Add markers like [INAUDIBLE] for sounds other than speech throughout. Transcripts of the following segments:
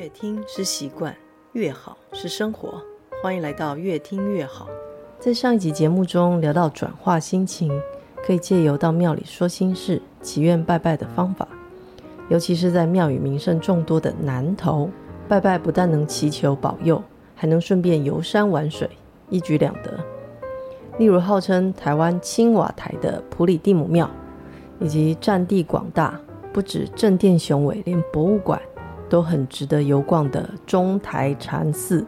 越聽是習慣，越好是生活。歡迎來到越聽越好。在上一集節目中聊到轉化心情，可以借由到廟裡說心事、祈願拜拜的方法。尤其是在廟宇名勝眾多的南投，拜拜不但能祈求保佑，還能順便遊山玩水，一舉兩得。例如號稱臺灣青瓦台的埔里地母廟，以及佔地廣大、不止正殿雄偉，連博物館。都很值得遊逛的中台禪寺，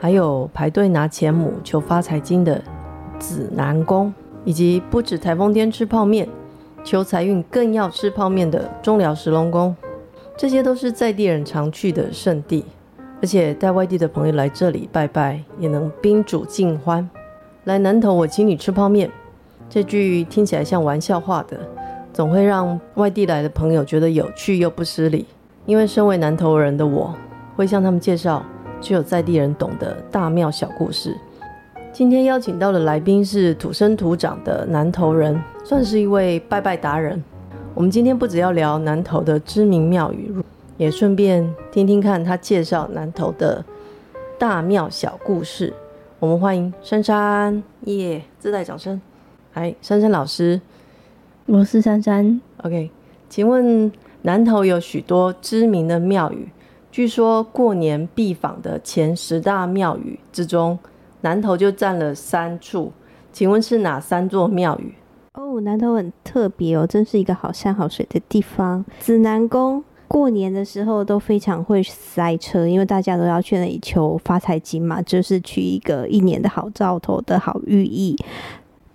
還有排隊拿錢母求發財金的紫南宮，以及不止颱風天吃泡麵求財運，更要吃泡麵的中寮石龍宮，這些都是在地人常去的聖地，而且帶外地的朋友來這裡拜拜，也能賓主盡歡。來南投我請你吃泡麵，這句聽起來像玩笑話的，總會讓外地來的朋友覺得有趣又不失禮。因為身為南投人的我，會向他們介紹具有在地人懂的大廟小故事。今天邀請到的來賓是土生土長的南投人，算是一位拜拜達人。我們今天不只要聊南投的知名廟宇，也順便聽聽看他介紹南投的大廟小故事。我們歡迎珊珊耶，yeah, 自帶掌聲。哎，珊珊老師，我是珊珊。OK，請問。南投有許多知名的廟宇，據說過年必訪的前十大廟宇之中，南投就占了三處。請問是哪三座廟宇？哦，南投很特別哦，真是一個好山好水的地方。紫南宮過年的時候都非常會塞車，因為大家都要去那裡求發財金嘛，就是取一個一年的好兆頭的好寓意。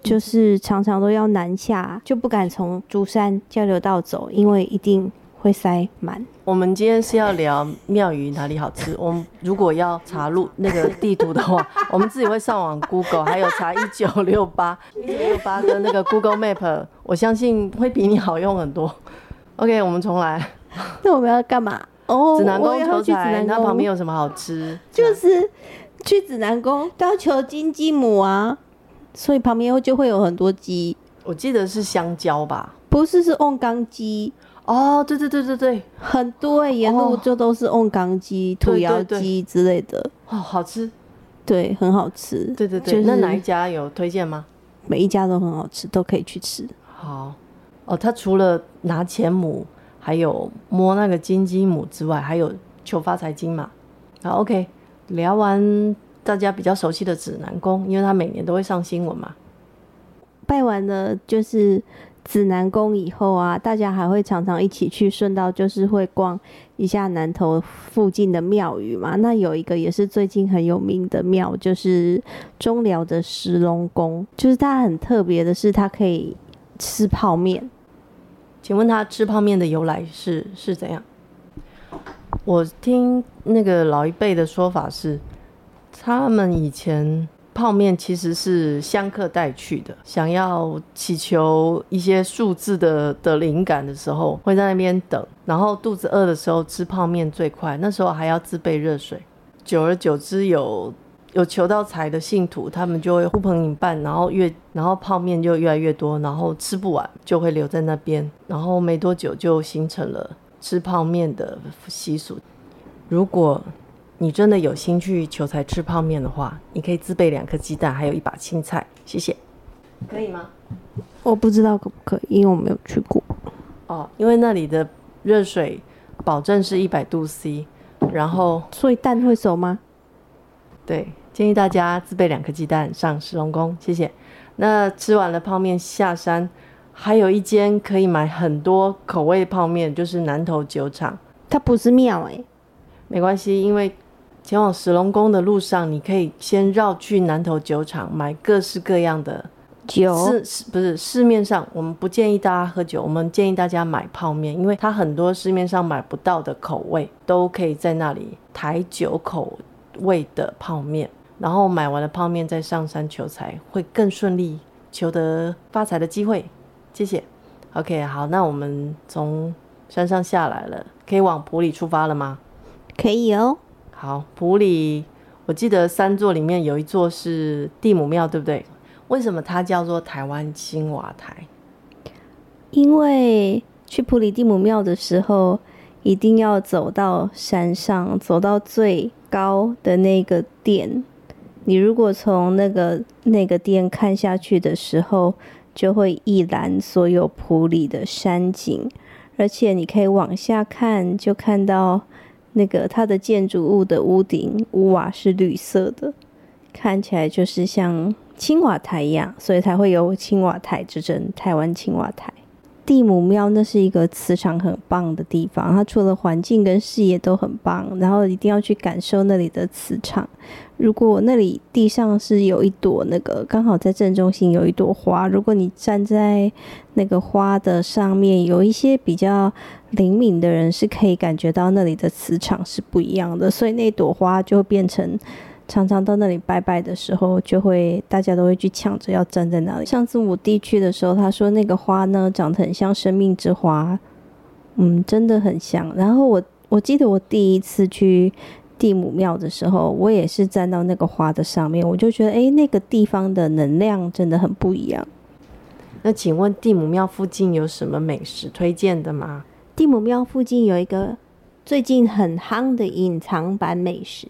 就是常常都要南下，就不敢從竹山交流道走，因為一定會塞滿。我們今天是要聊廟宇哪裡好吃？我們如果要查路那個地圖的話， [LAUGHS] 我們自己會上網 Google， [LAUGHS] 還有查一九六八一九六八跟那個 Google Map， [LAUGHS] 我相信會比你好用很多。OK，我們重來。那我們要幹嘛？哦、oh,，紫南宮求財，它旁邊有什麼好吃？就是、啊、去紫南宮，都要求金雞母啊。所以旁邊就會有很多雞，我記得是香蕉吧？不是，是，是甕缸雞哦，對對對對對，很多哎、欸，沿路就都是甕缸雞、oh, 土窯雞之類的哦，對對對 oh, 好吃，對，很好吃，對對對、就是。那哪一家有推薦嗎？每一家都很好吃，都可以去吃。好，哦，他除了拿錢母，還有摸那個金雞母之外，還有求發財金嘛？好，OK，聊完。大家比較熟悉的紫南宮，因為他每年都會上新聞嘛。拜完了就是紫南宮以後啊，大家還會常常一起去順道，就是會逛一下南投附近的廟宇嘛。那有一個也是最近很有名的廟，就是中寮的石龍宮。就是它很特別的是，它可以吃泡麵。請問它吃泡麵的由來是是怎樣？我聽那個老一輩的說法是。他們以前泡麵其實是香客帶去的，想要祈求一些數字的的靈感的時候，會在那邊等，然後肚子餓的時候吃泡麵最快。那時候還要自備熱水，久而久之有，有有求到財的信徒，他們就會呼朋引伴，然後越然後泡麵就越來越多，然後吃不完就會留在那邊，然後沒多久就形成了吃泡麵的習俗。如果你真的有心去求財吃泡麵的話，你可以自備兩顆雞蛋，還有一把青菜。謝謝。可以嗎？我不知道可不可以，因為我沒有去過。哦，因為那裡的熱水保證是一百度 C，然後所以蛋會熟嗎？對，建議大家自備兩顆雞蛋上石龍宮。謝謝。那吃完了泡麵下山，還有一間可以買很多口味的泡麵，就是南投酒廠。它不是廟誒、欸，沒關係，因為。前往石龍宮的路上，你可以先繞去南投酒廠買各式各樣的酒。是不是市面上，我們不建議大家喝酒。我們建議大家買泡麵，因為它很多市面上買不到的口味都可以在那裡台酒口味的泡面。然後買完了泡面再上山求財會更順利，求得發財的機會。謝謝。OK，好，那我們從山上下來了，可以往埔里出發了嗎？可以哦。好，埔里，我記得三座裡面有一座是地母廟，對不對？為什麼它叫做台灣青瓦台？因為去埔里地母廟的時候，一定要走到山上，走到最高的那個殿。你如果從那個那個殿看下去的時候，就會一覽所有埔里的山景，而且你可以往下看，就看到。那個它的建築物的屋頂屋瓦是綠色的，看起來就是像青瓦台一樣，所以才會有青瓦台之稱，台灣青瓦台。地母廟那是一個磁場很棒的地方，它除了環境跟視野都很棒，然後一定要去感受那裡的磁場。如果那裡地上是有一朵那個，剛好在正中心有一朵花，如果你站在那個花的上面，有一些比較靈敏的人是可以感覺到那裡的磁場是不一樣的，所以那朵花就變成。常常到那裡拜拜的時候，就會大家都會去搶着要站在那裡。上次我弟去的時候，他說那個花呢長得很像生命之花，嗯，真的很像。然後我我記得我第一次去地母廟的時候，我也是站到那個花的上面，我就覺得誒、欸，那個地方的能量真的很不一樣。那請問地母廟附近有什麼美食推薦的嗎？地母廟附近有一個最近很夯的隱藏版美食。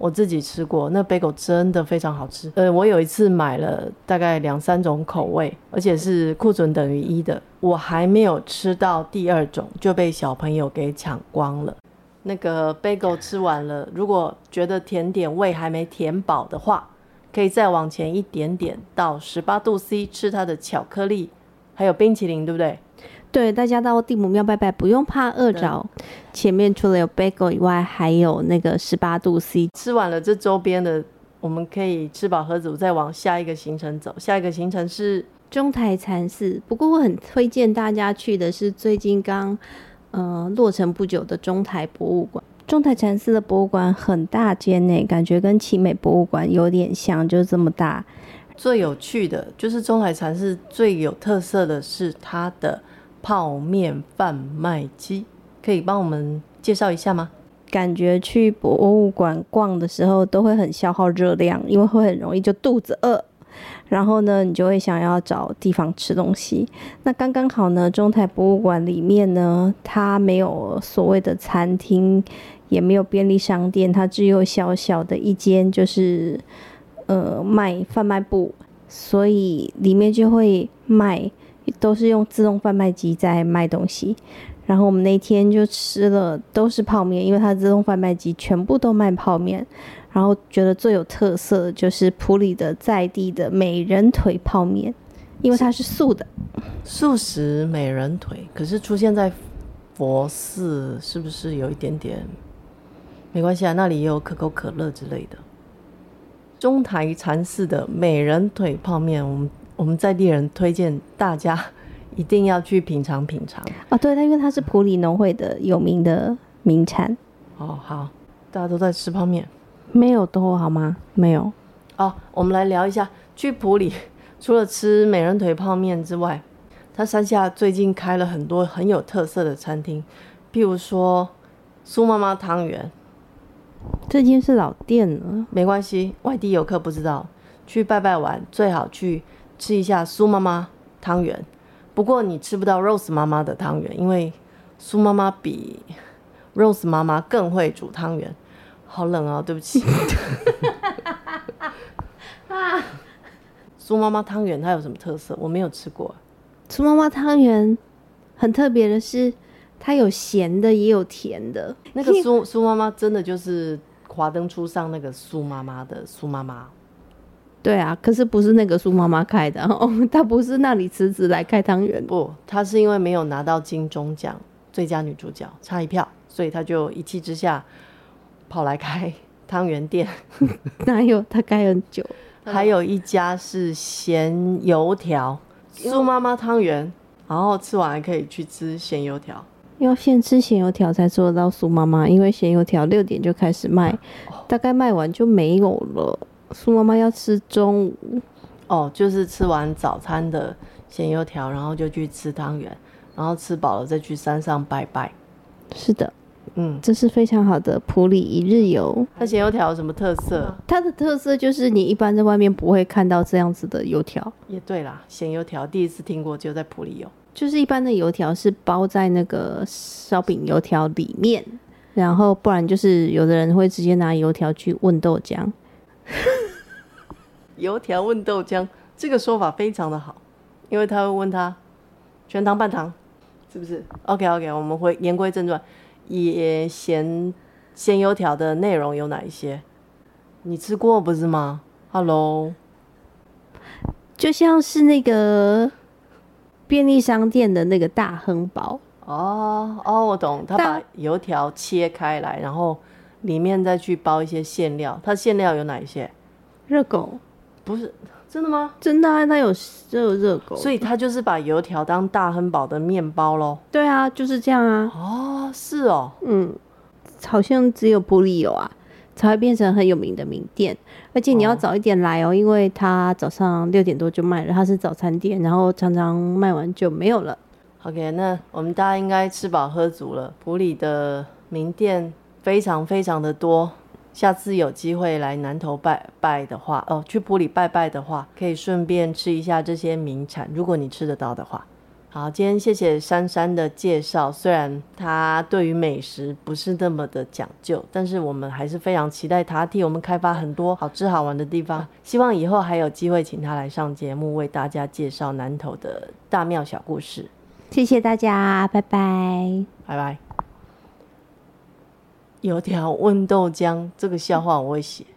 我自己吃過，那貝果真的非常好吃。呃，我有一次買了大概兩三種口味，而且是庫存等於一的，我還沒有吃到第二種就被小朋友給搶光了。那個貝果吃完了，如果覺得甜點胃還沒填飽的話，可以再往前一點點到十八度 C 吃它的巧克力，還有冰淇淋，對不對？對，大家到地母廟拜拜，不用怕餓着。前面除了有 bagel 以外，還有那個十八度 C。吃完了這周邊的，我們可以吃飽喝足，再往下一個行程走。下一個行程是中台禪寺。不過我很推薦大家去的是最近剛呃落成不久的中台博物館。中台禪寺的博物館很大間呢、欸，感覺跟奇美博物館有點像，就是這麼大。最有趣的就是中台禪寺最有特色的是它的。泡麵販賣機可以幫我們介紹一下嗎？感覺去博物館逛的時候都會很消耗熱量，因為會很容易就肚子餓。然後呢，你就會想要找地方吃東西。那剛剛好呢，中台博物館裡面呢，它沒有所謂的餐廳，也沒有便利商店，它只有小小的一間，就是呃賣販賣部，所以裡面就會賣。都是用自動販賣機在賣東西，然後我們那天就吃了都是泡麵，因為它自動販賣機全部都賣泡麵。然後覺得最有特色的就是埔里的在地的美人腿泡麵，因為它是素的素食美人腿。可是出現在佛寺，是不是有一點點？沒關係啊，那裡也有可口可樂之類的。中台禪寺的美人腿泡麵，我們。我們在地人推薦大家一定要去品嘗品嘗啊、哦！對，它因為它是埔里農會的有名的名產、嗯、哦。好，大家都在吃泡麵，沒有多好嗎？沒有。哦，我們來聊一下去埔里，除了吃美人腿泡麵之外，它山下最近開了很多很有特色的餐廳，譬如說蘇媽媽湯圓，這間是老店了，沒關係，外地遊客不知道，去拜拜玩最好去。吃一下蘇媽媽湯圓，不過你吃不到 Rose 媽媽的湯圓，因為蘇媽媽比 Rose 媽媽更會煮湯圓。好冷啊，哦，對不起。蘇 [LAUGHS] [LAUGHS] [LAUGHS] [LAUGHS] 媽媽湯圓它有什麼特色？我沒有吃過。蘇媽媽湯圓很特別的是，它有鹹的也有甜的。那個蘇蘇媽媽真的就是華燈初上那個蘇媽媽的蘇媽媽。對啊，可是不是那個蘇媽媽開的，哦，她不是那裡辭職來開湯圓的。不，她是因為沒有拿到金鐘獎最佳女主角差一票，所以她就一氣之下跑來開湯圓店。哪 [LAUGHS] [LAUGHS] [LAUGHS] 有她開很久？還有一家是鹹油條， [LAUGHS] 蘇媽媽湯圓，然後吃完還可以去吃鹹油條。要先吃鹹油條才做得到蘇媽媽，因為鹹油條六點就開始賣，啊哦，大概賣完就沒有了。蘇媽媽要吃中午哦，就是吃完早餐的鹹油條，然後就去吃湯圓，然後吃飽了再去山上拜拜。是的，嗯，這是非常好的埔里一日遊。它、啊、鹹油條有什麼特色？它的特色就是你一般在外面不會看到這樣子的油條。也對啦，鹹油條第一次聽過，只有在埔里有。就是一般的油條是包在那個燒餅油條裡面，然後不然就是有的人會直接拿油條去問豆漿。 [LAUGHS] 油條問豆漿，這個說法非常的好，因為他會問他全糖半糖是不是？OK OK，我們回言歸正傳，也鹹鹹油條的內容有哪一些？你吃過不是嗎？Hello，就像是那個便利商店的那個大亨堡。哦哦，我懂，他把油條切開來，然後裡面再去包一些餡料。他餡料有哪一些？熱狗。不是真的嗎？真的啊，他有熱熱狗，所以他就是把油條當大亨堡的麵包咯。對啊，就是這樣啊。哦，是哦。嗯，好像只有埔里有啊，才會變成很有名的名店。而且你要早一點來哦，哦因為他早上六點多就賣了，他是早餐店，然後常常賣完就沒有了。OK，那我們大家應該吃飽喝足了。埔里的名店非常非常的多。下次有機會來南投拜拜的話，哦，去埔里拜拜的話，可以順便吃一下這些名產。如果你吃得到的話，好，今天謝謝珊珊的介紹。雖然她對於美食不是那麼的講究，但是我們還是非常期待她替我們開發很多好吃好玩的地方。希望以後還有機會請她來上節目，為大家介紹南投的大廟小故事。謝謝大家，拜拜，拜拜。油條溫豆漿，這個笑話我會寫。嗯